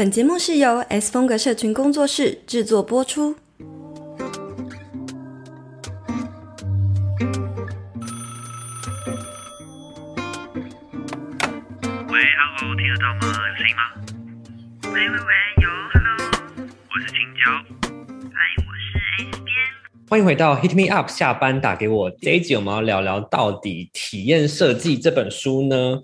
本節目是由 S 風格社群工作室製作播出。喂 Hello 聽得到嗎？行嗎？喂喂喂，有 Hello，我是青椒。嗨，我是 S 編。歡迎回到 Hit Me Up，下班打給我。這一集我們要聊聊到底體驗設計這本書呢，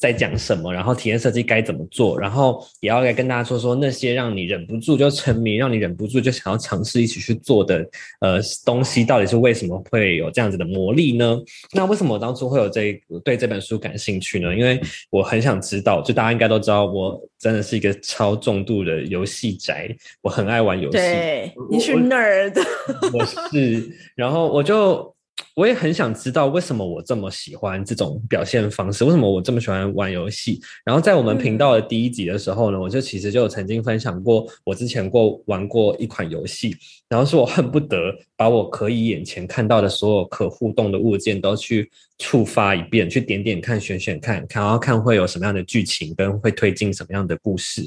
在講什麼？然後體驗設計該怎麼做？然後也要來跟大家說說那些讓你忍不住就沉迷，讓你忍不住就想要嘗試一起去做的呃東西，到底是為什麼會有這樣子的魔力呢？那為什麼我當初會有這一個對這本書感興趣呢？因為我很想知道，就大家應該都知道，我真的是一個超重度的遊戲宅，我很愛玩遊戲。對，你是哪兒的 我是，然後我就。我也很想知道為什麼我這麼喜歡這種表現方式，為什麼我這麼喜歡玩遊戲。然後在我們頻道的第一集的時候呢，我就其實就曾經分享過，我之前過玩過一款遊戲，然後是我恨不得把我可以眼前看到的所有可互動的物件都去觸發一遍，去點點看、選選看看，然後看會有什麼樣的劇情跟會推進什麼樣的故事。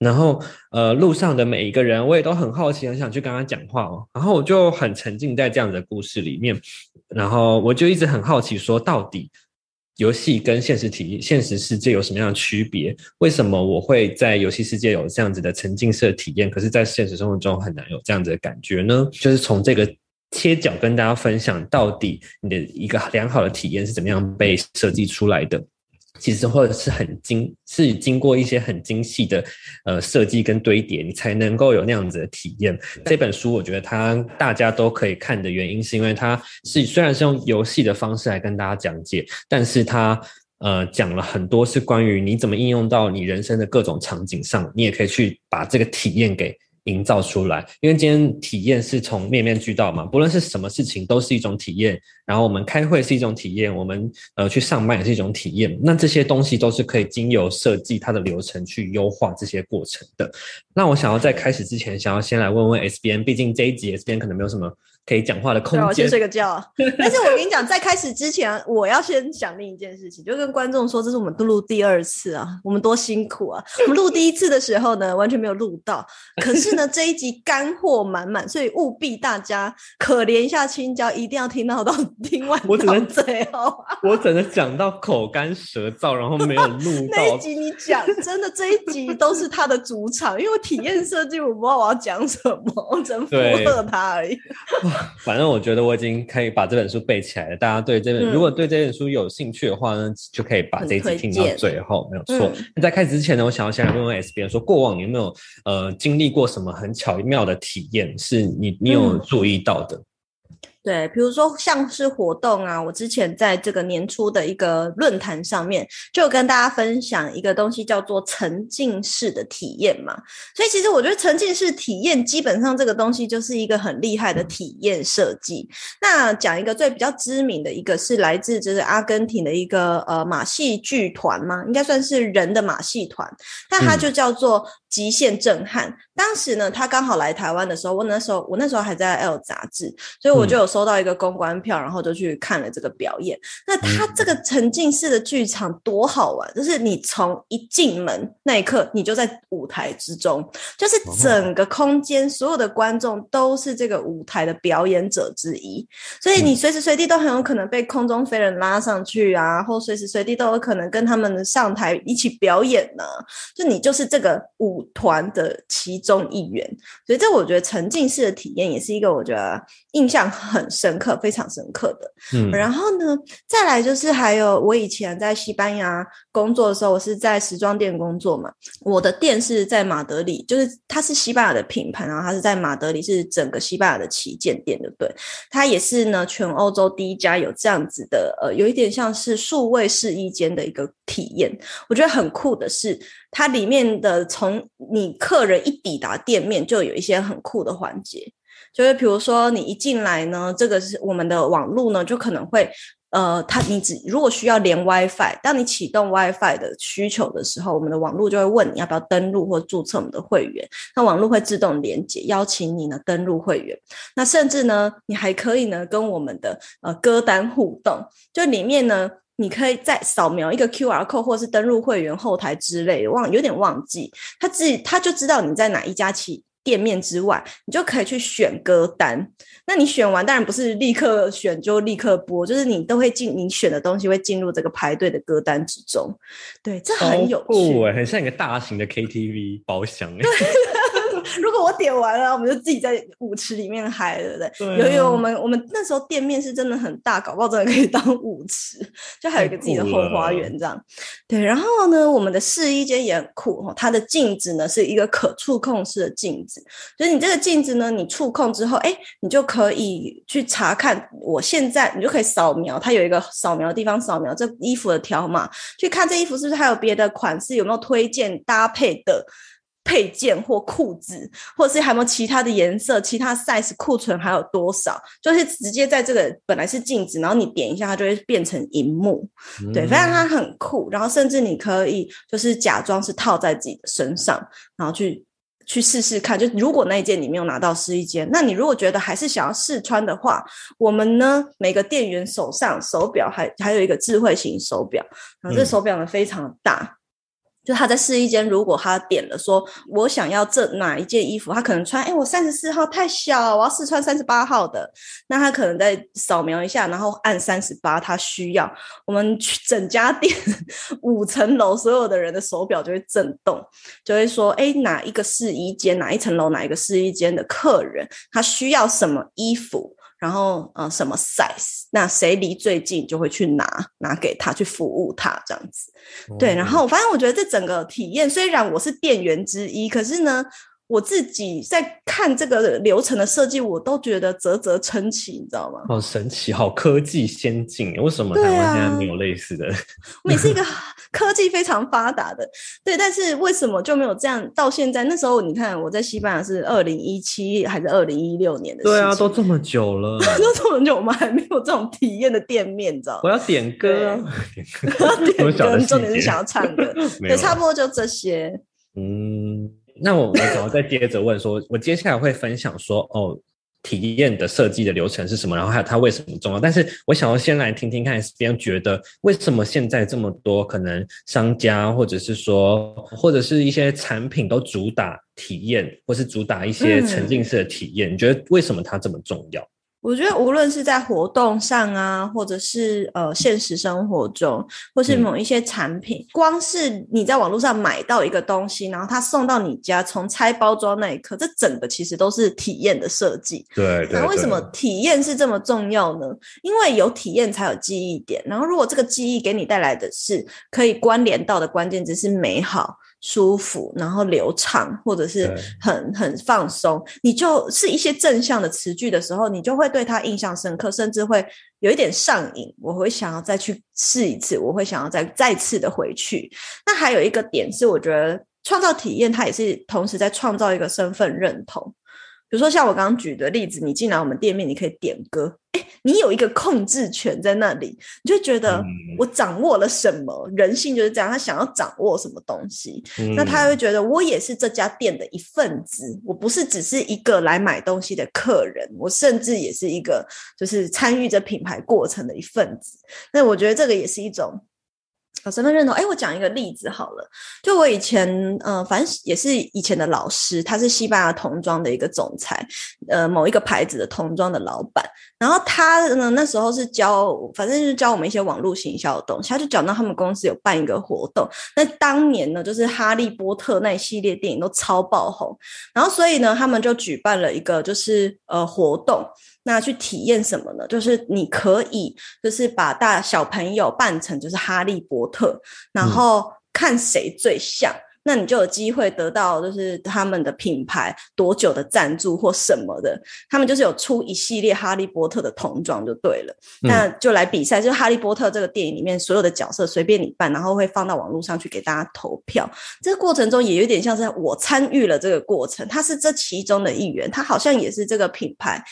然後，呃，路上的每一個人，我也都很好奇，很想去跟他講話哦。然後我就很沉浸在這樣的故事裡面。然後我就一直很好奇，說到底，遊戲跟現實體、現實世界有什麼樣的區別？為什麼我會在遊戲世界有這樣子的沉浸式體驗，可是在現實生活中很難有這樣子的感覺呢？就是從這個切角跟大家分享，到底你的一個良好的體驗是怎麼樣被設計出來的？其實或者是很精，是經過一些很精細的呃設計跟堆疊，你才能夠有那樣子的體驗。這本書我覺得它大家都可以看的原因，是因為它是雖然是用遊戲的方式來跟大家講解，但是它呃講了很多是關於你怎麼應用到你人生的各種場景上，你也可以去把這個體驗給營造出來，因為今天體驗是從面面俱到嘛，不論是什麼事情都是一種體驗。然後我們開會是一種體驗，我們呃去上班也是一種體驗。那這些東西都是可以經由設計它的流程去優化這些過程的。那我想要在開始之前，想要先來問問 S 編，畢竟這一集 S 編可能沒有什麼。可以講話的空間。我先睡個覺、啊， 但是我跟你講，在開始之前、啊，我要先講另一件事情，就跟觀眾說，這是我們錄第二次啊，我們多辛苦啊！我們錄第一次的時候呢， 完全沒有錄到，可是呢，這一集乾貨滿滿，所以務必大家可憐一下青椒，一定要聽到到聽完到、啊。我只能最後，我只能講到口乾舌燥，然後沒有錄到。 那一集你講真的，這一集都是他的主場，因為我體驗設計，我不知道我要講什麼，我只能附和他而已。 反正我覺得我已經可以把這本書背起來了。大家對這本，嗯、如果對這本書有興趣的話呢，就可以把這一集聽到最後，沒有錯。那、嗯、在開始之前呢，我想要先來問問 S 編，說，過往你有沒有呃經歷過什麼很巧妙的體驗，是你你有注意到的？嗯對，比如說像是活動啊，我之前在這個年初的一個論壇上面，就跟大家分享一個東西，叫做沉浸式的體驗嘛。所以其實我覺得沉浸式體驗基本上這個東西就是一個很厲害的體驗設計。那講一個最比較知名的一個是來自就是阿根廷的一個，呃，馬戲劇團嘛，應該算是人的馬戲團，但它就叫做極限震撼！當時呢，他剛好來台灣的時候，我那時候我那時候還在 L 雜誌，所以我就有收到一個公關票，然後就去看了這個表演。嗯、那他這個沉浸式的劇場多好玩！就是你從一進門那一刻，你就在舞台之中，就是整個空間所有的觀眾都是這個舞台的表演者之一，所以你隨時隨地都很有可能被空中飛人拉上去啊，或隨時隨地都有可能跟他們上台一起表演呢、啊。就你就是這個舞。團的其中一員，所以這我覺得沉浸式的體驗也是一個我覺得印象很深刻、非常深刻的。嗯，然後呢，再來就是還有我以前在西班牙工作的時候，我是在時裝店工作嘛，我的店是在馬德里，就是它是西班牙的品牌，然後它是在馬德里是整個西班牙的旗艦店的，對不對，它也是呢全歐洲第一家有這樣子的呃，有一點像是數位試衣間的一個體驗，我覺得很酷的是。它裡面的從你客人一抵達店面，就有一些很酷的環節，就是比如說你一進來呢，這個是我們的網絡呢，就可能會呃，它你只如果需要連 WiFi，當你啟動 WiFi 的需求的時候，我們的網絡就會問你要不要登錄或註冊我們的會員，那網絡會自動連接，邀請你呢登錄會員，那甚至呢，你還可以呢跟我們的呃歌單互動，就裡面呢。你可以再掃描一個 QR code，或是登入會員後台之類，忘有點忘記，他自己他就知道你在哪一家企店面之外，你就可以去選歌單。那你選完，當然不是立刻選就立刻播，就是你都會進，你選的東西會進入這個排隊的歌單之中。對，這很有趣，欸、很像一個大型的 KTV 包廂 如果我點完了，我們就自己在舞池裡面嗨，對不、啊、對？由於我們我們那時候店面是真的很大，搞不好真的可以當舞池，就還有一個自己的後花園這樣。對，然後呢，我們的試衣間也很酷哦，它的鏡子呢是一個可觸控式的鏡子，所、就、以、是、你這個鏡子呢，你觸控之後，哎、欸，你就可以去查看我現在，你就可以掃描，它有一個掃描的地方掃描，掃描這衣服的條碼，去看這衣服是不是還有別的款式，有沒有推薦搭配的。配件或褲子，或是還有沒有其他的顏色？其他 size 庫存還有多少？就是直接在這個本來是鏡子，然後你點一下，它就會變成熒幕。嗯。對，反正它很酷。然後甚至你可以就是假裝是套在自己的身上，然後去去試試看。就如果那一件你沒有拿到試衣間，那你如果覺得還是想要試穿的話，我們呢每個店員手上手錶還有還有一個智慧型手錶。然後這手錶呢非常大。嗯就他在試衣間，如果他點了說“我想要這哪一件衣服”，他可能穿，哎，我三十四號太小，我要試穿三十八號的。那他可能再掃描一下，然後按三十八，他需要。我們去整家店，五層樓所有的人的手錶就會震動，就會說，哎，哪一個試衣間，哪一層樓，哪一個試衣間的客人，他需要什麼衣服。然後呃，什麼 size？那誰離最近就會去拿，拿給他去服務他這樣子。哦。對，然後我發現，我覺得這整個體驗，雖然我是店員之一，可是呢，我自己在看這個流程的設計，我都覺得嘖嘖稱奇，你知道嗎？好、哦、神奇，好科技先進，為什麼台灣現在沒有類似的？每次、啊、 一個。科技非常發達的，對，但是為什麼就沒有這樣？到現在那時候，你看我在西班牙是二零一七還是二零一六年的？對啊，都這麼久了， 都這麼久，我們還沒有這種體驗的店面，你知道嗎？我要點歌，點歌， 重點是想要唱歌，對，差不多就這些。嗯，那我怎麼再接着問說， 我接下來會分享說，哦。體驗的設計的流程是什麼？然後還有它為什麼重要？但是我想要先來聽聽看，S 編覺得為什麼現在這麼多可能商家或者是說或者是一些產品都主打體驗，或是主打一些沉浸式的體驗？嗯。你覺得為什麼它這麼重要？我覺得無論是在活動上啊，或者是呃現實生活中，或是某一些產品、嗯，光是你在網絡上買到一個東西，然後它送到你家，從拆包裝那一刻，這整個其實都是體驗的設計。對，對，那為什麼體驗是這麼重要呢？因為有體驗才有記憶點，然後如果這個記憶給你帶來的是可以關聯到的關鍵詞是美好。舒服，然後流暢，或者是很很放鬆，你就是一些正向的詞句的時候，你就會對他印象深刻，甚至會有一點上癮。我會想要再去試一次，我會想要再再次的回去。那還有一個點是，我覺得創造體驗，它也是同時在創造一個身份認同。比如說像我剛剛舉的例子，你進來我們店面，你可以點歌，哎，你有一個控制權在那裡，你就會覺得我掌握了什麼？嗯。人性就是這樣，他想要掌握什麼東西，嗯，那他會覺得我也是這家店的一份子，我不是只是一個來買東西的客人，我甚至也是一個就是參與着品牌過程的一份子。那我覺得這個也是一種。搞身份認同，誒，我講一個例子好了，就我以前，嗯、呃，反正也是以前的老師，他是西班牙童裝的一個總裁，呃，某一個牌子的童裝的老闆。然後他呢，那時候是教，反正就是教我們一些網絡行銷的東西。他就講到他們公司有辦一個活動，那當年呢，就是哈利波特那一系列電影都超爆紅，然後所以呢，他們就舉辦了一個就是呃活動。那去體驗什麼呢？就是你可以，就是把大小朋友扮成就是哈利波特，然後看誰最像，嗯、那你就有機會得到就是他們的品牌多久的贊助或什麼的。他們就是有出一系列哈利波特的童裝就對了，嗯、那就來比賽，就是、哈利波特這個電影裡面所有的角色隨便你扮，然後會放到網絡上去給大家投票。這個過程中也有點像是我參與了這個過程，他是這其中的一員，他好像也是這個品牌。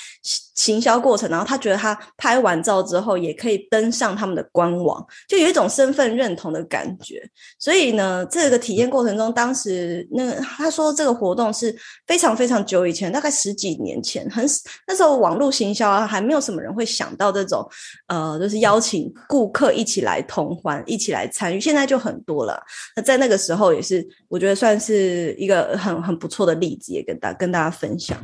行銷過程，然後他覺得他拍完照之後也可以登上他們的官網，就有一種身份認同的感覺。所以呢，這個體驗過程中，當時那個，他說這個活動是非常非常久以前，大概十幾年前，很，那時候網絡行銷啊，還沒有什麼人會想到這種，呃，就是邀請顧客一起來同歡，一起來參與。現在就很多了。那在那個時候也是，我覺得算是一個很很不錯的例子，也跟大跟大家分享。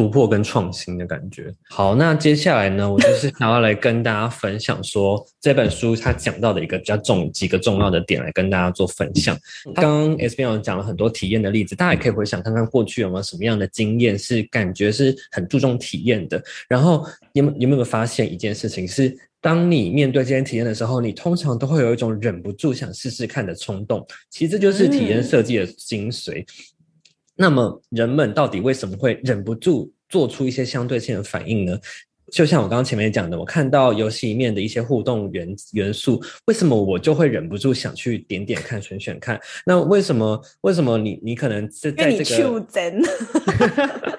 突破跟創新的感覺。好，那接下來呢，我就是想要來跟大家分享說，這本書它講到的一個比較重幾個重要的點來跟大家做分享。剛剛 S 編講了很多體驗的例子，大家也可以回想看看，過去有沒有什麼樣的經驗是感覺是很注重體驗的。然後你有沒有發現一件事情是，當你面對這些體驗的時候，你通常都會有一種忍不住想試試看的衝動。其實，這就是體驗設計的精髓。嗯那麼人們到底為什麼會忍不住做出一些相對性的反應呢？就像我剛剛前面講的，我看到遊戲裡面的一些互動元元素，為什麼我就會忍不住想去點點看、選選看？那為什麼？為什麼你你可能在在這個？哈哈哈哈哈哈。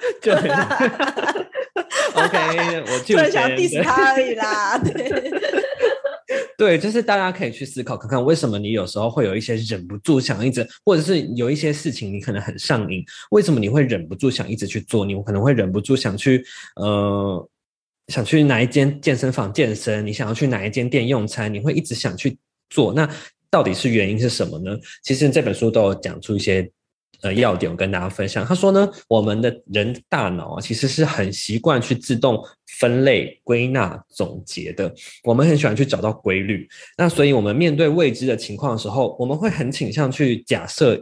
對 OK，我就選 想逼死他而已啦。 對，就是大家可以去思考看看，為什麼你有時候會有一些忍不住想一直，或者是有一些事情你可能很上癮，為什麼你會忍不住想一直去做？你可能會忍不住想去，呃，想去哪一間健身房健身，你想要去哪一間店用餐，你會一直想去做，那到底是原因是什麼呢？其實這本書都有講出一些。呃，要點我跟大家分享。他說呢，我們的人大腦啊，其實是很習慣去自動分類、歸納、總結的。我們很喜歡去找到規律。那所以，我們面對未知的情況的時候，我們會很傾向去假設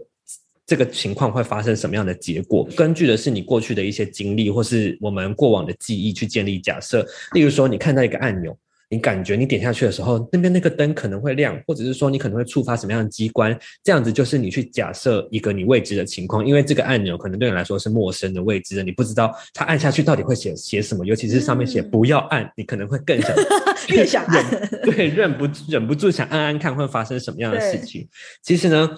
這個情況會發生什麼樣的結果。根據的是你過去的一些經歷，或是我們過往的記憶去建立假設。例如說，你看到一個按鈕。你感覺你點下去的時候，那邊那個燈可能會亮，或者是說你可能會觸發什麼樣的機關？這樣子就是你去假設一個你未知的情況，因為這個按鈕可能對你來說是陌生的、未知的，你不知道它按下去到底會寫寫什麼，尤其是上面寫“不要按、嗯”，你可能會更想 越想按，對，忍不住忍不住想按按看會發生什麼樣的事情。其實呢，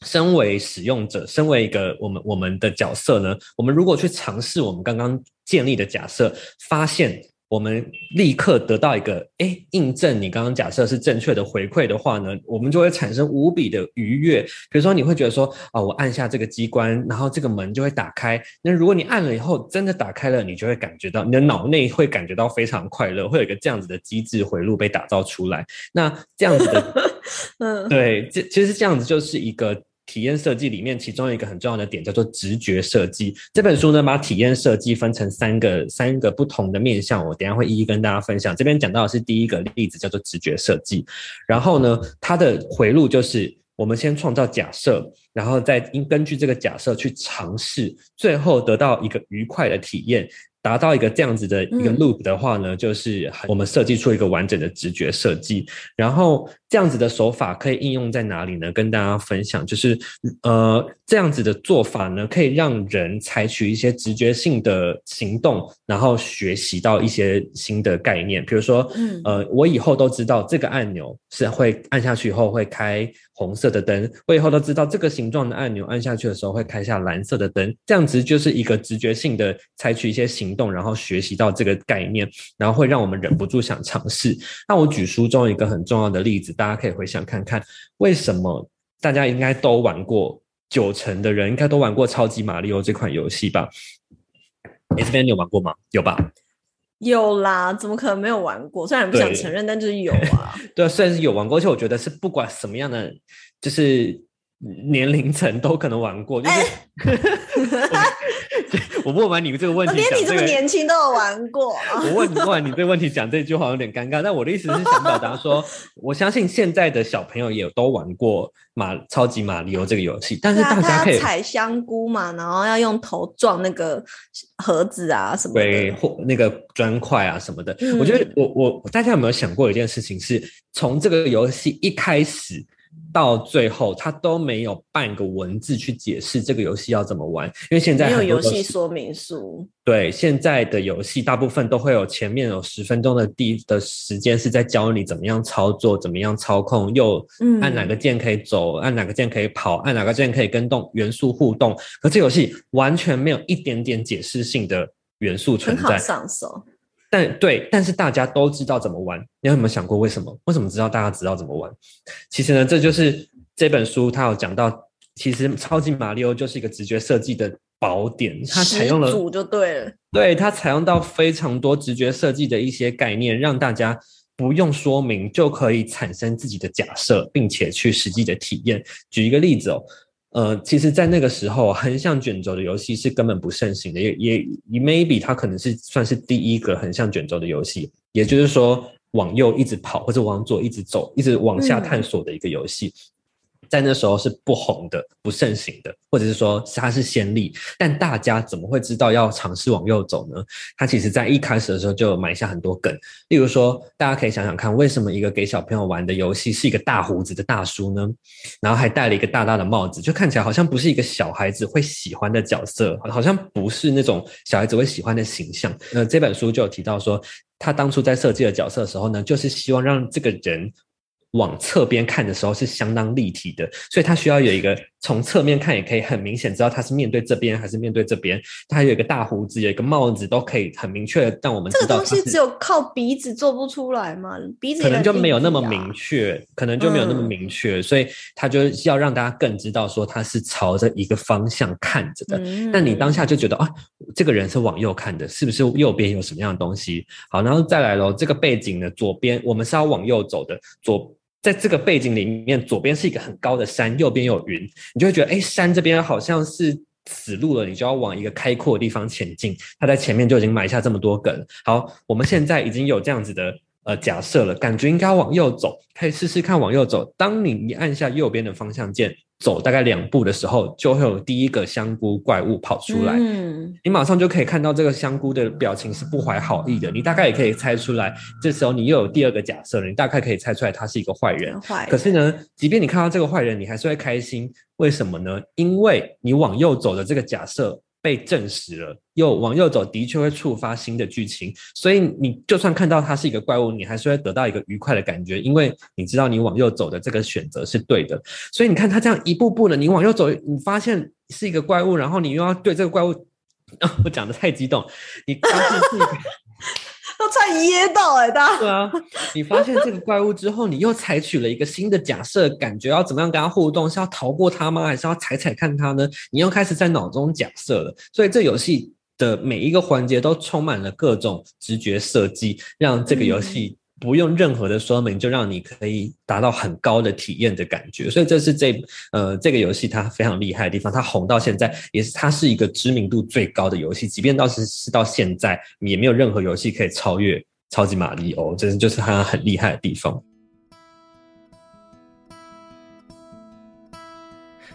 身為使用者，身為一個我們我們的角色呢，我們如果去嘗試我們剛剛建立的假設，發現。我們立刻得到一個，誒，印證你剛剛假設是正確的回饋的話呢，我們就會產生無比的愉悅。比如說，你會覺得說，啊，我按下這個機關，然後這個門就會打開。那如果你按了以後真的打開了，你就會感覺到你的腦內會感覺到非常快樂，會有一個這樣子的機制迴路被打造出來。那這樣子的，嗯， 對，這其實這樣子就是一個。體驗設計裡面，其中一個很重要的點叫做直覺設計。這本書呢，把體驗設計分成三個三個不同的面向，我等一下會一一跟大家分享。這邊講到的是第一個例子，叫做直覺設計。然後呢，它的回路就是：我們先創造假設，然後再根據這個假設去嘗試，最後得到一個愉快的體驗，達到一個這樣子的一個 loop 的話呢，就是我們設計出一個完整的直覺設計，然後。這樣子的手法可以應用在哪裡呢？跟大家分享，就是呃，這樣子的做法呢，可以讓人採取一些直覺性的行動，然後學習到一些新的概念。比如說，嗯，呃，我以後都知道這個按鈕是會按下去以後會開紅色的燈，我以後都知道這個形狀的按鈕按下去的時候會開下藍色的燈。這樣子就是一個直覺性的採取一些行動，然後學習到這個概念，然後會讓我們忍不住想嘗試。那我舉書中一個很重要的例子。大家可以回想看看，為什麼大家應該都玩過？九成的人應該都玩過《超級馬里奧》這款遊戲吧？欸，這你這邊有玩過嗎？有吧？有啦，怎麼可能沒有玩過？雖然不想承認，但就是有啊。 對啊，雖然是有玩過，而且我覺得是不管什麼樣的，就是年齡層都可能玩過。就是欸 我不問完你這個問題、這個，連你這麼年輕都有玩過、啊。我問你不問完你這個問題，講這句話有點尷尬。 但我的意思是想表達說，我相信現在的小朋友也都玩過馬超級馬里奧這個遊戲。但是大家可以他他踩香菇嘛，然後要用頭撞那個盒子啊什麼的，對，或那個磚塊啊什麼的。我覺得我我大家有沒有想過一件事情是，是從這個遊戲一開始。到最後，他都沒有半個文字去解釋這個遊戲要怎麼玩，因為現在沒有遊戲說明書，對，現在的遊戲大部分都會有前面有十分鐘的第的時間是在教你怎麼樣操作，怎麼樣操控，又按哪個鍵可以走，嗯、按哪個鍵可以跑，按哪個鍵可以跟動元素互動，可這遊戲完全沒有一點點解釋性的元素存在，很好上手。但對，但是大家都知道怎麼玩，你有沒有想過為什麼？為什麼知道大家知道怎麼玩？其實呢，這就是這本書它有講到，其實超級馬里奧就是一個直覺設計的寶典，它採用了，主就對了，對它採用到非常多直覺設計的一些概念，讓大家不用說明就可以產生自己的假設，並且去實際的體驗。舉一個例子哦。呃，其實，在那個時候，橫向卷軸的遊戲是根本不盛行的。也也，maybe 它可能是算是第一個橫向卷軸的遊戲，也就是說，往右一直跑，或者往左一直走，一直往下探索的一個遊戲。嗯在那時候是不紅的、不盛行的，或者是說他是先例，但大家怎麼會知道要嘗試往右走呢？他其實在一開始的時候就埋下很多梗，例如說，大家可以想想看，為什麼一個給小朋友玩的遊戲是一個大鬍子的大叔呢？然後還戴了一個大大的帽子，就看起來好像不是一個小孩子會喜歡的角色，好像不是那種小孩子會喜歡的形象。那這本書就有提到說，他當初在設計的角色的時候呢，就是希望讓這個人。往側邊看的時候是相當立體的，所以他需要有一個從側面看也可以很明顯知道他是面對這邊還是面對這邊。他有一個大鬍子，有一個帽子，都可以很明確讓我們知道。這個東西只有靠鼻子做不出來嘛？鼻子可能就沒有那麼明確，可能就沒有那麼明確、嗯，所以他就需要讓大家更知道說他是朝着一個方向看着的。那、嗯嗯、你當下就覺得啊，這個人是往右看的，是不是右邊有什麼樣的東西？好，然後再來嘍，這個背景呢，左邊我們是要往右走的左。在這個背景裡面，左邊是一個很高的山，右邊有雲，你就會覺得，哎、欸，山這邊好像是死路了，你就要往一個開闊的地方前進。他在前面就已經埋下這麼多梗了。好，我們現在已經有這樣子的。呃，假設了，感覺應該往右走，可以試試看往右走。當你一按下右邊的方向鍵，走大概兩步的時候，就會有第一個香菇怪物跑出來。嗯，你馬上就可以看到這個香菇的表情是不懷好意的。你大概也可以猜出來，這時候你又有第二個假設了，你大概可以猜出來他是一個壞人。壞人。可是呢，即便你看到這個壞人，你還是會開心。為什麼呢？因為你往右走的這個假設被證實了，又往右走，的確會觸發新的劇情。所以你就算看到它是一個怪物，你還是會得到一個愉快的感覺，因為你知道你往右走的這個選擇是對的。所以你看他這樣一步步的，你往右走，你發現是一個怪物，然後你又要對這個怪物， 我講得太激動，你發現是一個。 都快噎到哎、欸！他對啊，你發現這個怪物之後，你又採取了一個新的假設， 感覺要怎麼樣跟它互動？是要逃過它嗎？還是要踩踩看它呢？你又開始在腦中假設了。所以這遊戲的每一個環節都充滿了各種直覺設計，讓這個遊戲、嗯。不用任何的說明，就讓你可以達到很高的體驗的感覺，所以這是這呃這個遊戲它非常厲害的地方。它紅到現在，也是它是一個知名度最高的遊戲，即便到時是到現在，也沒有任何遊戲可以超越超級瑪利歐，真的就是它很厲害的地方。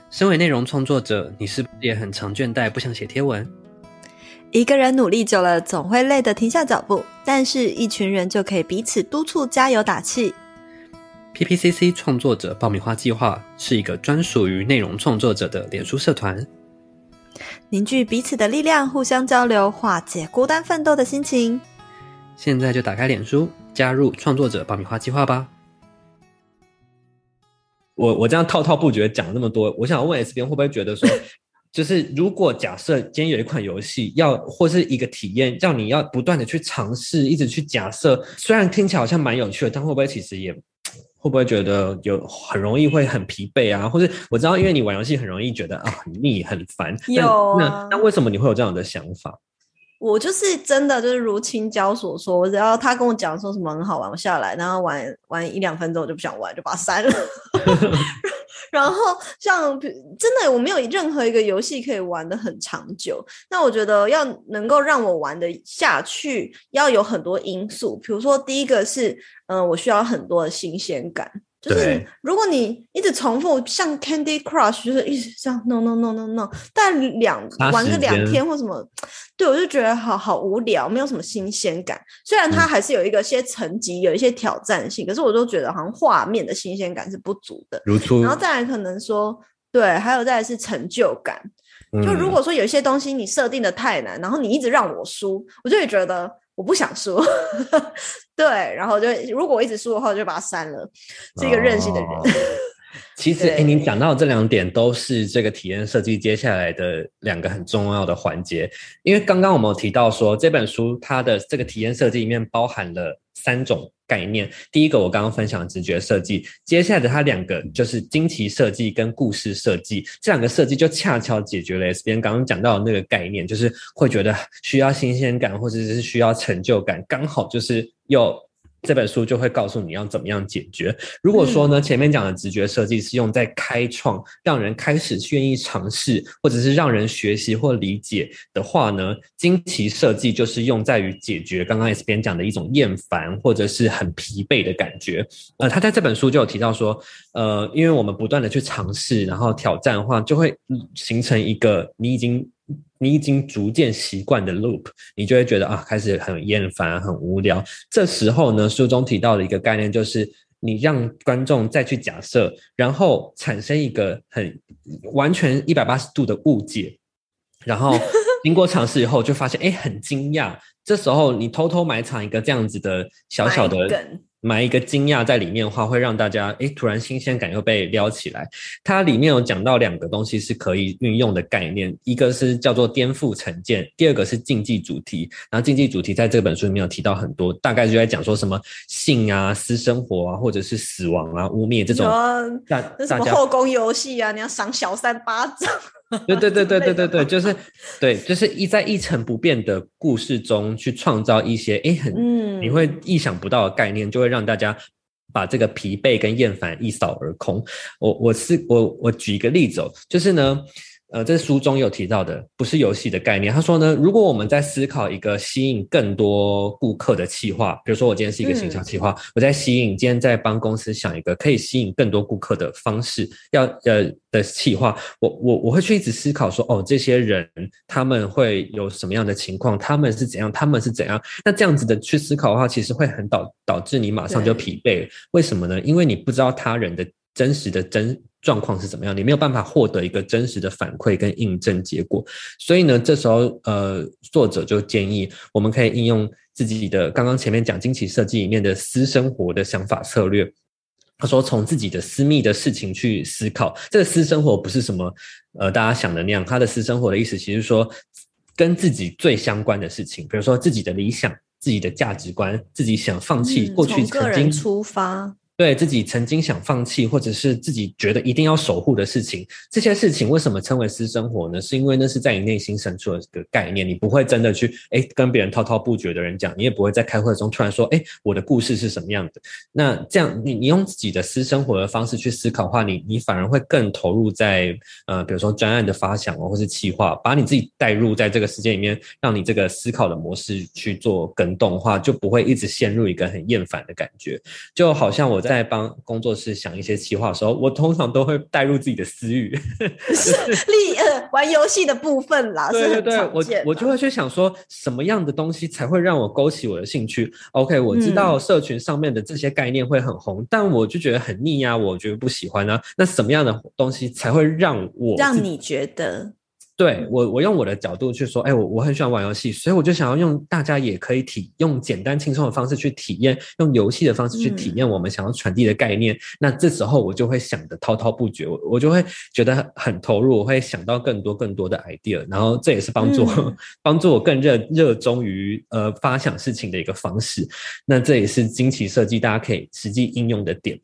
身為內容創作者，你是不是也很常倦怠，不想寫貼文？一個人努力久了，總會累得停下腳步。但是，一群人就可以彼此督促、加油打氣。PPCC 創作者爆米花計劃是一個專屬於內容創作者的臉書社團，凝聚彼此的力量，互相交流，化解孤單奮鬥的心情。現在就打開臉書，加入創作者爆米花計劃吧。我我這樣滔滔不絕講了那麼多，我想問 S 編會不會覺得說？ 就是，如果假設今天有一款遊戲要，或是一個體驗，叫你要不斷的去嘗試，一直去假設，雖然聽起來好像蠻有趣的，但會不會其實也，會不會覺得有很容易會很疲憊啊？或是我知道，因為你玩遊戲很容易覺得啊很膩很煩。有那那為什麼你會有這樣的想法？啊？嗯我就是真的，就是如青椒所說，我只要他跟我講說什麼很好玩，我下來然後玩玩一兩分鐘，我就不想玩，就把它刪了。 然後像真的，我沒有任何一個遊戲可以玩得很長久。那我覺得要能夠讓我玩得下去，要有很多因素。比如說，第一個是，嗯、呃，我需要很多的新鮮感。就是如果你一直重複像 Candy Crush，就是一直這樣 no no no no no，但兩玩個兩天或什麼，對，我就覺得好好無聊，沒有什麼新鮮感。雖然它還是有一個些層級，嗯，有一些挑戰性，可是我就覺得好像畫面的新鮮感是不足的。如初。然後再來可能說，對，還有再來是成就感。就如果說有一些東西你設定的太難，然後你一直讓我輸，我就會覺得。我不想輸。 對，然後就如果我一直輸的話，我就把它刪了，是一個任性的人。哦、其實，哎、 欸，你講到這兩點，都是這個體驗設計接下來的兩個很重要的環節。因為剛剛我們有提到說，這本書它的這個體驗設計裡面包含了。三種概念，第一個我剛剛分享的直覺設計，接下來的它兩個就是驚奇設計跟故事設計，這兩個設計就恰巧解決了 S 編剛剛講到的那個概念，就是會覺得需要新鮮感或者是需要成就感，剛好就是要。這本書就會告訴你要怎麼樣解決。如果說呢，前面講的直覺設計是用在開創，讓人開始願意嘗試，或者是讓人學習或理解的話呢，驚奇設計就是用在於解決剛剛 S 編講的一種厭煩或者是很疲憊的感覺。呃，他在這本書就有提到說，呃，因為我們不斷的去嘗試，然後挑戰的話，就會形成一個你已經。你已經逐漸習慣的 loop，你就會覺得啊，開始很厭煩、啊、很無聊。這時候呢，書中提到的一個概念就是，你讓觀眾再去假設，然後產生一個很完全一百八十度的誤解，然後經過嘗試以後，就發現哎， 很驚訝。這時候你偷偷埋藏一個這樣子的小小的梗。埋一個驚訝在裡面的話，會讓大家誒、欸、突然新鮮感又被撩起來。它裡面有講到兩個東西是可以運用的概念，一個是叫做顛覆成見，第二個是禁忌主題。然後禁忌主題在這本書裡面有提到很多，大概就在講說什麼性啊、私生活啊，或者是死亡啊、污蔑這種、啊。那什麼後宮遊戲啊？你要賞小三巴掌。 對對對對對對對， 就是，對，就是一在一成不變的故事中去創造一些哎、欸，很你會意想不到的概念，嗯、就會讓大家把這個疲憊跟厭煩一掃而空。我我是我我舉一個例子，哦，就是呢。嗯呃，這書中有提到的，不是遊戲的概念。他說呢，如果我們在思考一個吸引更多顧客的企劃，比如說我今天是一個形象企劃，嗯、我在吸引今天在幫公司想一個可以吸引更多顧客的方式要，要呃的企劃，我我我會去一直思考說，哦，這些人他們會有什麼樣的情況？他們是怎樣？他們是怎樣？那這樣子的去思考的話，其實會很導導致你馬上就疲憊。為什麼呢？因為你不知道他人的真實的真。狀況是怎麼樣？你沒有辦法獲得一個真實的反饋跟印證結果，所以呢，這時候呃，作者就建議我們可以應用自己的剛剛前面講驚奇設計裡面的私生活的想法策略。他說，從自己的私密的事情去思考，這個私生活不是什麼呃大家想的那樣。他的私生活的意思，其實說跟自己最相關的事情，比如說自己的理想、自己的價值觀、自己想放棄過去曾經、嗯、出發。對自己曾經想放棄，或者是自己覺得一定要守護的事情，這些事情為什麼稱為私生活呢？是因為那是在你內心深處的這個概念，你不會真的去哎跟別人滔滔不絕的人講，你也不會在開會中突然說哎我的故事是什麼樣的。那這樣你你用自己的私生活的方式去思考的話，你你反而會更投入在呃比如說專案的發想或是企劃，把你自己帶入在這個時間裡面，讓你這個思考的模式去做更動的話，就不會一直陷入一個很厭煩的感覺。就好像我在。在幫工作室想一些企劃的時候，我通常都會帶入自己的私欲， 就是 利、呃、玩遊戲的部分啦。對對對，我我就會去想說，什麼樣的東西才會讓我勾起我的興趣？OK，我知道社群上面的這些概念會很紅，嗯、但我就覺得很膩啊，我覺得不喜歡啊。那什麼樣的東西才會讓我讓你覺得？對我，我用我的角度去說，哎，我我很喜歡玩遊戲，所以我就想要用大家也可以體用簡單輕鬆的方式去體驗，用遊戲的方式去體驗我們想要傳遞的概念。嗯、那這時候我就會想得滔滔不絕，我我就會覺得很投入，我會想到更多更多的 idea，然後這也是幫助我、嗯、幫助我更熱熱衷於呃發想事情的一個方式。那這也是驚奇設計大家可以實際應用的點。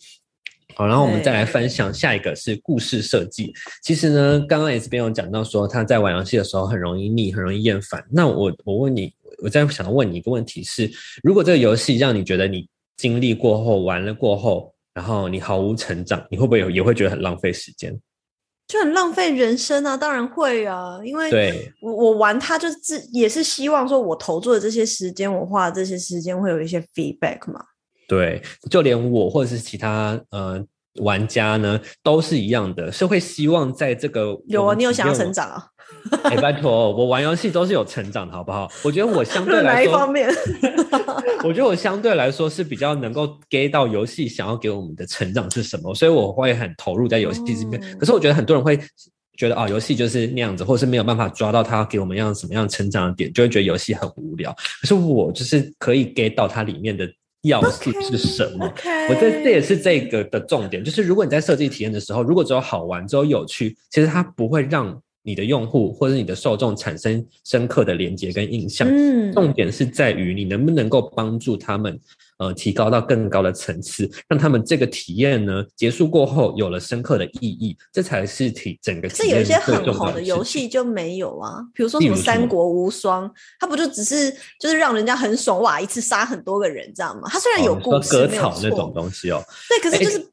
好，然後我們再來分享下一個是故事設計。其實呢，剛剛 S 編有講到說他在玩遊戲的時候很容易膩，很容易厭煩。那我我問你，我再想問你一個問題是：如果這個遊戲讓你覺得你經歷過後玩了過後，然後你毫無成長，你會不會有也會覺得很浪費時間？就很浪費人生啊！當然會啊，因為我對我玩它就是也是希望說，我投入的這些時間，我花的這些時間會有一些 feedback 嘛。對，就連我或者是其他呃玩家呢，都是一樣的，是會希望在這個有啊，你有想要成長啊、哦？哎、 欸，拜託，我玩遊戲都是有成長的，好不好？我覺得我相對來說 哪一方面？ 我覺得我相對來說是比較能夠 get 到遊戲想要給我們的成長是什麼，所以我會很投入在遊戲機制裡面、嗯。可是我覺得很多人會覺得啊，遊、哦、戲就是那樣子，或是沒有辦法抓到它給我們要什麼樣成長的點，就會覺得遊戲很無聊。可是我就是可以 get 到它裡面的。要素是什麼？Okay, okay. 我這這也是這個的重點，就是如果你在設計體驗的時候，如果只有好玩，只有有趣，其實它不會讓你的用戶或者你的受眾產生深刻的連接跟印象。嗯，重點是在於你能不能夠幫助他們，呃，提高到更高的層次，讓他們這個體驗呢結束過後有了深刻的意義，這才是體整個體。這有一些很好的遊戲就沒有啊，如比如說什麼《三國無雙》，它不就只是就是讓人家很爽哇，一次殺很多個人，這樣嗎？它雖然有故事，哦，割草那種東西哦，喔。對，可是就是。欸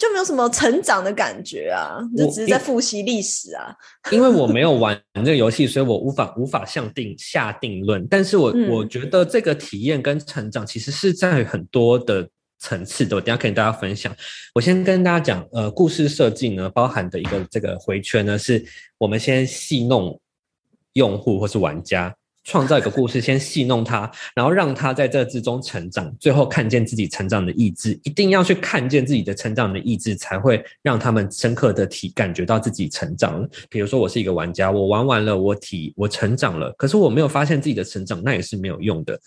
就沒有什麼成長的感覺啊，就只是在複習歷史啊。因為我沒有玩這個遊戲，所以我無法無法下定下定論。 但是我我覺得這個體驗跟成長其實是在很多的層次的，我等一下可以跟大家分享。我先跟大家講，呃，故事設計呢，包含的一個這個回圈呢，是我們先戲弄用戶或是玩家。創造一個故事，先戲弄他，然後讓他在這之中成長，最後看見自己成長的意志。一定要去看見自己的成長的意志，才會讓他們深刻的體感覺到自己成長。比如說，我是一個玩家，我玩完了，我體我成長了，可是我沒有發現自己的成長，那也是沒有用的。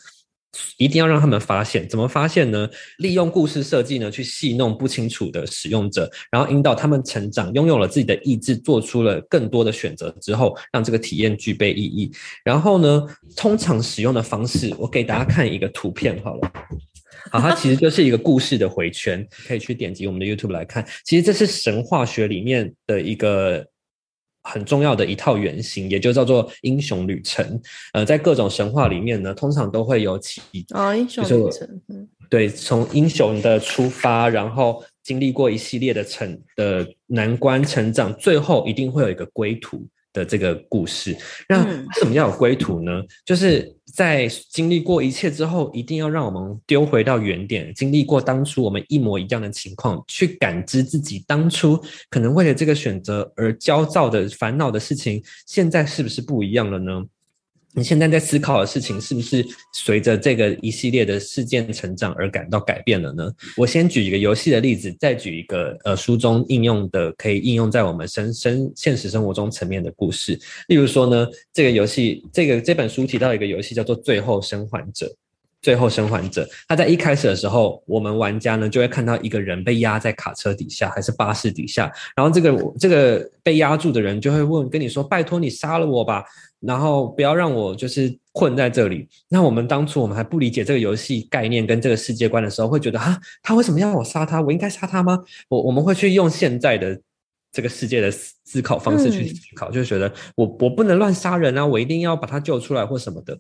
一定要讓他們發現，怎麼發現呢？利用故事設計呢，去戲弄不清楚的使用者，然後引導他們成長，擁有了自己的意志，做出了更多的選擇之後，讓這個體驗具備意義。然後呢，通常使用的方式，我給大家看一個圖片好了。好，它其實就是一個故事的回圈，可以去點擊我們的 YouTube 來看。其實這是神話學裡面的一個。很重要的一套原型，也就叫做英雄旅程。呃，在各種神話裡面呢，通常都會有起，哦、英雄旅程。就是嗯、對，從英雄的出發，然後經歷過一系列的成的難關成長，最後一定會有一個歸途。的這個故事，那為什麼要有歸途呢？嗯。就是在經歷過一切之後，一定要讓我們丟回到原點，經歷過當初我們一模一樣的情況，去感知自己當初可能為了這個選擇而焦躁的、煩惱的事情，現在是不是不一樣了呢？你現在在思考的事情，是不是隨着這個一系列的事件成長而感到改變了呢？我先舉一個遊戲的例子，再舉一個呃書中應用的可以應用在我們生生現實生活中層面的故事。例如說呢，這個遊戲，這個這本書提到一個遊戲叫做《最後生還者》。最後生還者，那在一開始的時候，我們玩家呢就會看到一個人被壓在卡車底下，還是巴士底下。然後這個這個被壓住的人就會問跟你說：“拜託你殺了我吧，然後不要讓我就是困在這裡。”那我們當初我們還不理解這個遊戲概念跟這個世界觀的時候，會覺得啊，他為什麼要我殺他？我應該殺他嗎？我我們會去用現在的這個世界的思考方式去思考，嗯、就覺得我我不能亂殺人啊，我一定要把他救出來或什麼的。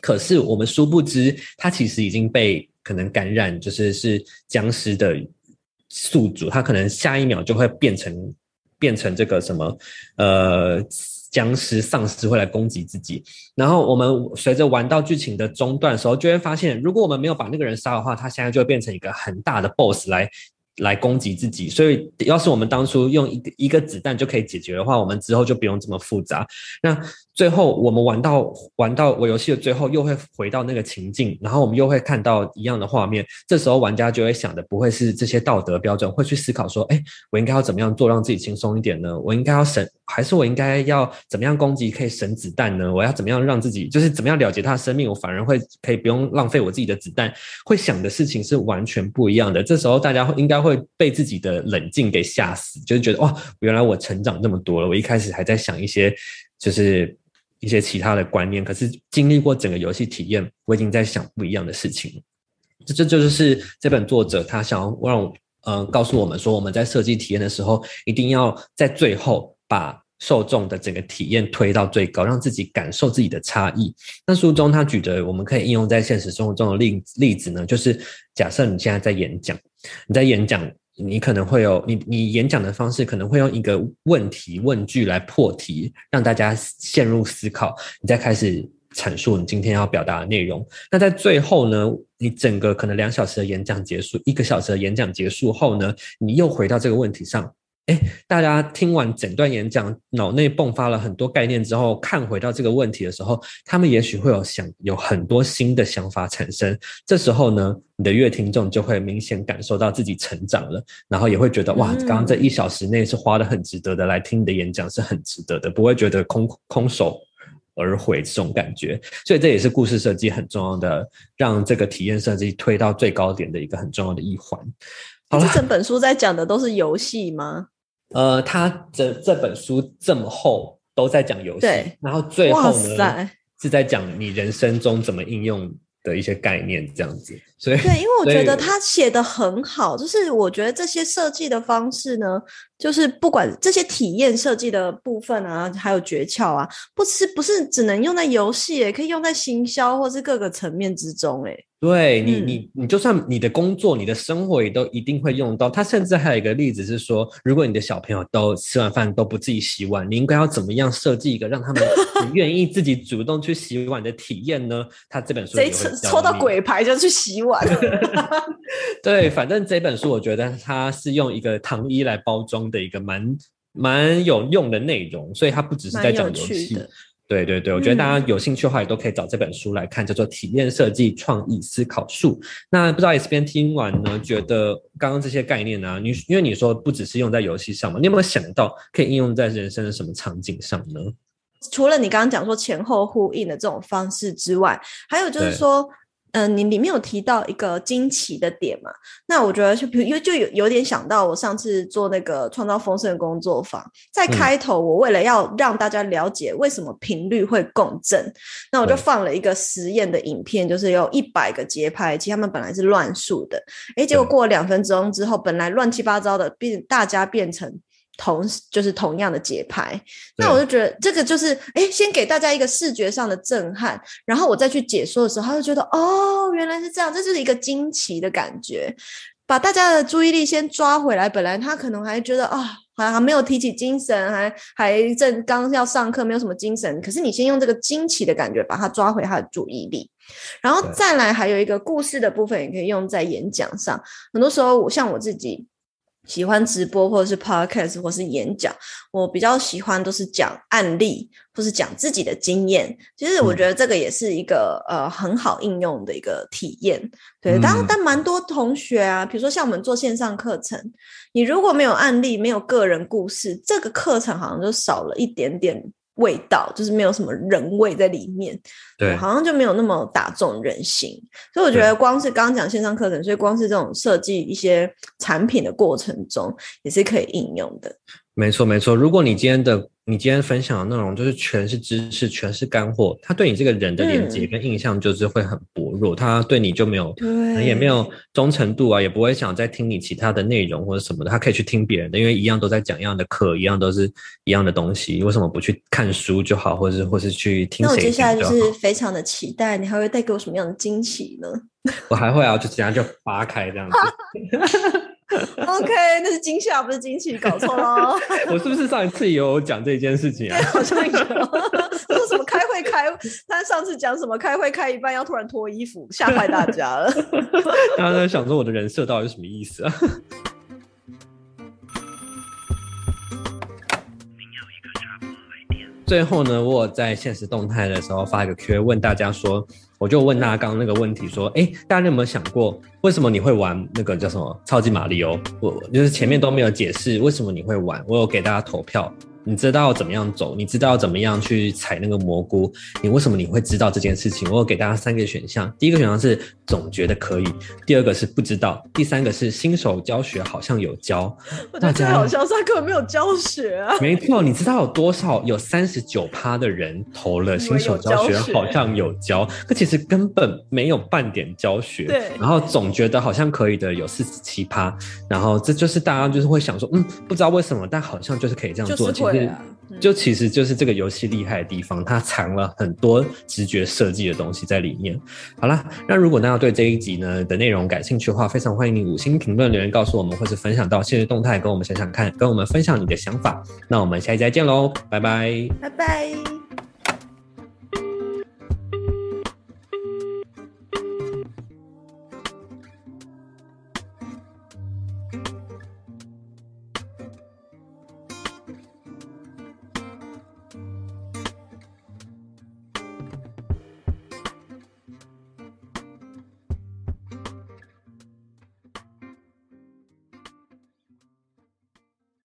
可是我們殊不知，他其實已經被可能感染，就是是僵屍的宿主，他可能下一秒就會變成變成這個什麼呃僵屍喪屍會來攻擊自己。然後我們隨着玩到劇情的中段時候，就會發現，如果我們沒有把那個人殺的話，他現在就會變成一個很大的 boss 來。來攻擊自己，所以要是我們當初用一個一個子彈就可以解決的話，我們之後就不用這麼複雜。那最後我們玩到玩到我遊戲的最後，又會回到那個情境，然後我們又會看到一樣的畫面。這時候玩家就會想的不會是這些道德標準，會去思考說：哎、欸，我應該要怎麼樣做讓自己輕鬆一點呢？我應該要省，還是我應該要怎麼樣攻擊可以省子彈呢？我要怎麼樣讓自己就是怎麼樣了結他的生命？我反而會可以不用浪費我自己的子彈，會想的事情是完全不一樣的。這時候大家應該會。會被自己的冷靜給嚇死，就是覺得哇，原來我成長這麼多了。我一開始還在想一些，就是一些其他的觀念。可是經歷過整個遊戲體驗，我已經在想不一樣的事情。這這就是是這本作者他想要讓我嗯、呃、告訴我們說，我們在設計體驗的時候，一定要在最後把。受眾的整個體驗推到最高，讓自己感受自己的差異。那書中他舉的我們可以應用在現實生活中的例例子呢，就是假設你現在在演講，你在演講，你可能會有你你演講的方式可能會用一個問題問句來破題，讓大家陷入思考，你再開始闡述你今天要表達的內容。那在最後呢，你整個可能兩小時的演講結束，一個小時的演講結束後呢，你又回到這個問題上。哎、欸，大家聽完整段演講，腦內迸發了很多概念之後，看回到這個問題的時候，他們也許會有想有很多新的想法產生。這時候呢，你的閱聽眾就會明顯感受到自己成長了，然後也會覺得、嗯、哇，剛剛這一小時內是花得很值得的，來聽你的演講是很值得的，不會覺得空空手而回這種感覺。所以這也是故事設計很重要的，讓這個體驗設計推到最高點的一個很重要的一環。好，這整本書在講的都是遊戲嗎？呃，他這這本書這麼厚，都在講遊戲，對。然後最後呢是在講你人生中怎麼應用的一些概念，這樣子。所以對，因為我覺得他寫得很好，就是我覺得這些設計的方式呢，就是不管這些體驗設計的部分啊，還有訣竅啊，不是不是只能用在遊戲，欸，也可以用在行銷或是各個層面之中，欸，哎，對，嗯，你你你就算你的工作，你的生活也都一定會用到。他甚至還有一個例子是說，如果你的小朋友都吃完飯都不自己洗碗，你應該要怎麼樣設計一個讓他們願意自己主動去洗碗的體驗呢？ 他這本書有聊到。誰抽到鬼牌就去洗碗？ 對，反正這本書我覺得它是用一個糖衣來包裝的一個蠻蠻有用的內容，所以它不只是在講遊戲。對對對，我覺得大家有興趣的話也都可以找這本書來看，嗯、叫做《體驗設計創意思考術》。那不知道 S 編聽完呢，覺得剛剛這些概念呢、啊，你因為你說不只是用在遊戲上嘛，你有沒有想到可以應用在人生的什麼場景上呢？除了你剛剛講說前後呼應的這種方式之外，還有就是說。嗯、呃，你裡面有提到一個驚奇的點嘛？那我覺得就比如，因為就有有點想到我上次做那個創造豐盛的工作坊，在開頭我為了要讓大家了解為什麼頻率會共振、嗯，那我就放了一個實驗的影片，嗯、就是有一百個節拍器，其實他們本來是亂數的，誒、欸，結果過了兩分鐘之後，本來亂七八糟的變，大家變成。同就是同樣的節拍，那我就覺得這個就是，誒、欸，先給大家一個視覺上的震撼，然後我再去解說的時候，他就覺得哦，原來是這樣，這就是一個驚奇的感覺，把大家的注意力先抓回來。本來他可能還覺得啊，還、哦、還沒有提起精神，還還正剛要上課，沒有什麼精神。可是你先用這個驚奇的感覺，把他抓回他的注意力，然後再來還有一個故事的部分，也可以用在演講上。很多時候我，我像我自己。喜歡直播或者是 podcast 或是演講，我比較喜歡都是講案例或是講自己的經驗。其實我覺得這個也是一個、嗯、呃很好應用的一個體驗。對，嗯、但但蠻多同學啊，比如說像我們做線上課程，你如果沒有案例、沒有個人故事，這個課程好像就少了一點點。味道就是沒有什麼人味在裡面，對，好像就沒有那麼打中人心。所以我覺得光是剛講線上課程，所以光是這種設計一些產品的過程中，也是可以應用的。沒錯沒錯，如果你今天的你今天分享的內容就是全是知識，全是乾貨，它對你這個人的連接跟印象就是會很。嗯如果他對你就沒有，對，也沒有忠誠度啊，也不會想再聽你其他的內容或者什麼的。他可以去聽別人的，因為一樣都在講一樣的課，一樣都是一樣的東西。為什麼不去看書就好，或是或是去聽？那我接下來就是非常的期待，你還會帶給我什麼樣的驚喜呢？我還會啊，就直接就扒開這樣子。 OK，那是驚嚇，不是驚喜，搞錯嘍。 我是不是上一次有講這件事情啊？啊？好像有，為什麼看？開他上次講什麼？開會開一半要突然脫衣服，嚇壞大家了。 大家在想說我的人設到底有什麼意思啊？最後呢，我有在限時動態的時候發一個 Q，問大家說，我就問大家剛剛那個問題說，哎、欸，大家有沒有想過，為什麼你會玩那個叫什麼超級瑪利歐？我就是前面都沒有解釋為什麼你會玩，我有給大家投票。你知道怎麼樣走？你知道怎麼樣去採那個蘑菇？你為什麼你會知道這件事情？我有給大家三個選項：第一個選項是總覺得可以；第二個是不知道；第三個是新手教學好像有教。那這樣好像，是他、根、啊、好像是他根本沒有教學啊。沒錯，你知道有多少，有三十九趴的人投了新手教學好像有教，可其實根本沒有半點教學。對。然後總覺得好像可以的有四十七趴。然後這就是大家就是會想說，嗯，不知道為什麼，但好像就是可以這樣做。就是嗯，就其實就是這個遊戲厲害的地方，它藏了很多直覺設計的東西在裡面。好了，那如果大家對這一集呢的內容感興趣的話，非常歡迎你五星評論留言告訴我們，或是分享到現實動態，跟我們想想看，跟我們分享你的想法。那我們下期再見嘍，拜拜，拜拜。